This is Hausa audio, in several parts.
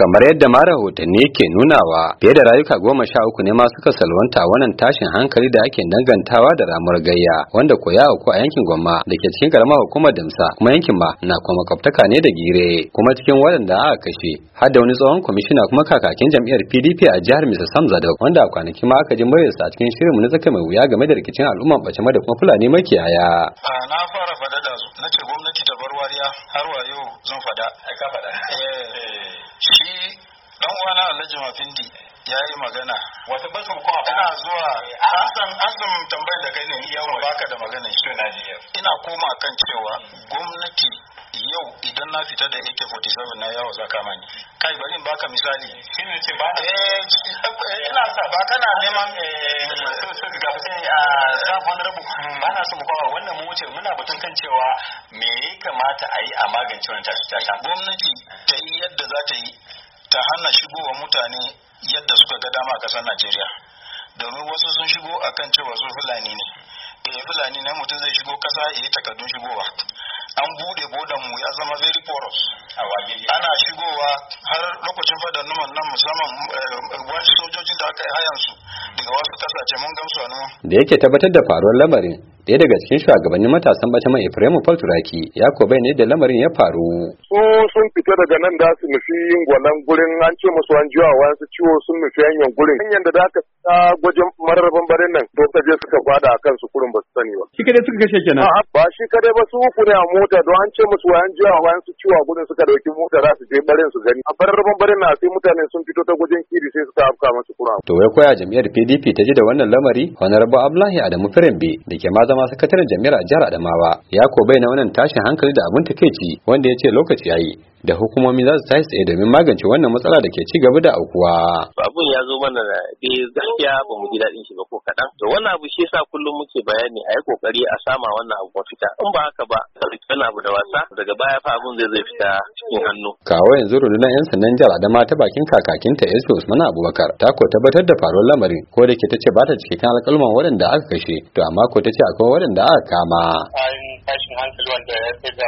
kamar yadda ma rahotanni ke nunawa fiye da rayuka goma sha uku ne ma suka salwanta wannan tashin hankali da ake dangantawa da ramar gayya wanda ko ya auku a yankin gwamma da ke cikin karamar hukumar damsa kuma yankin ma na kuma kaftaka ne da gire kuma cikin waɗanda aka kashe har da wani tsohon kwamishina kuma kakakin jam'iyyar pdp a jihar mr sam zadok wanda a kwanaki ma aka ji muryarsa a cikin shirin na tsaka mai wuya game da rikicin al'umma bace da kuma fulani makiyaya. na fara su na ce gwamnati gaskiya har wa yau zan fada ka fada eh, eh. shi dan uwana Alhaji Mafindi ya yi magana wata basu ko a ina zuwa eh, asan ah. asan tambayar da kai ne ya baka da magana shi ina koma kan cewa hmm. gwamnati idan na fita da AK47 na yawo za ka mani kai bari in baka misali shine ce ba da eh, eh, ina sa ba kana neman ga a sabon rabu ba na so mu wannan mu wuce muna batun kan cewa me ya kamata a yi a magance wannan tashi tashi gwamnati ta yi yadda za ta yi ta hana shigowa mutane yadda suka ga dama a ƙasar Najeriya domin wasu sun shigo akan cewa su fulani ne eh fulani ne mutum zai shigo kasa ya yi takardun shigowa an bude bodan mu ya zama very porous ana shigowa har lokacin fadar numan nan musamman ruwan eh, sojojin da aka yi hayansu daga wasu kasashe mun gamsu a da yake tabbatar da faruwar lamarin ɗaya daga cikin shugabannin matasan bata mai Ephraim Paul ya ko ne da lamarin ya faru. Su sun fita daga nan da su nufi gwalan gurin an ce musu an jiwa wa su ciwo sun nufi hanyar gurin. Hanyar da aka sa gwajin mararraban barin nan to ka je suka kwada akan su kurin ba su sani ba. Shi kadai suka kashe kenan. ba shi kadai ba su uku ne a mota don an ce musu wa an jiwa wa su ciwa gurin suka dauki mota za su je barin su gani. A mararraban barin na sai mutane sun fito ta gwajin kiri sai suka afka masu kurawa. To ya koya jami'ar PDP ta ji da wannan lamari Honorable Abdullahi Adamu Firimbe da ke ma ma sakataren jami'ar a jihar Adamawa ya ko na wannan tashin hankali da abin takeici wanda ya ce lokaci yayi da hukumomi za su tashi tsaye domin magance wannan matsala da ke ci gaba da aukuwa. Abun ya zo mana da gaskiya ba mu ji daɗin shi ba ko kaɗan. To wannan abu shi yasa kullum muke bayani a yi ƙoƙari a sama wannan abu mafita. In ba haka ba, ɗauki wani abu da wasa daga baya fa abun zai zai fita cikin hannu. Kawo yanzu rundunar 'yan sandan jihar Adama ta bakin kakakinta Yesu Usman Abubakar ta ko tabbatar da faruwar lamarin ko da ke ta ce ba ta cikakken alƙalman waɗanda aka kashe to amma ko ta akwai waɗanda aka kama. Kayan tashin hankali wanda ya sai da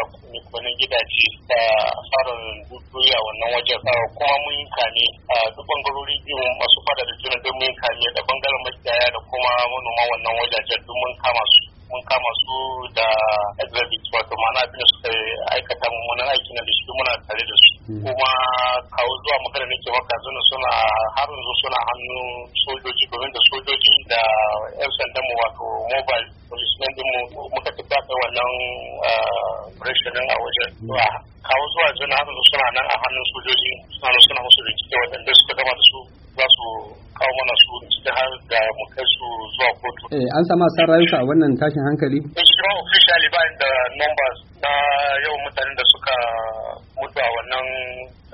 wani gidaje da asarar duniya wannan wajen kuma mun yi kame a duk bangarori biyu masu fada da juna don mun yi kame da bangaren makiyaya da kuma manoma wannan wajajen duk mun kama su. aiki na da shi muna tare da su hmm. kuma kawo zuwa magana ke maka zuna suna har yanzu suna hannun sojoji domin da sojoji da yan sandan mu wato mobile policemen din mu muka tafi kai wannan ah, rashin a wajen hmm. kawo zuwa zuna har yanzu suna nan a hannun sojoji suna suna musu bincike waɗanda suka gama da su za su kawo mana su cikin har da mu kai su zuwa kotu. Eh an sama san rayuka a wannan tashin hankali? Eh, shi ma officially ba da numbers na yawan mutanen da suka mutu a wannan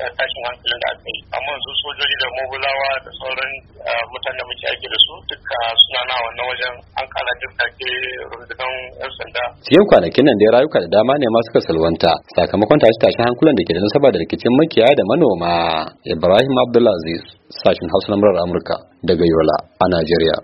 eh, tashin hankalin da aka yi amma yanzu sojoji da mogulawa da sauran eh, mutanen da muke aiki da su duka suna na wannan wajen an kara ke rundunar yan sanda Siyan kwanakin nan dai rayuka da dama ne ma suka salwanta sakamakon tashi tashin hankulan da ke da nasaba da rikicin makiyaya da manoma ibrahim abdulaziz sashin hausa na murar amurka daga yola a najeriya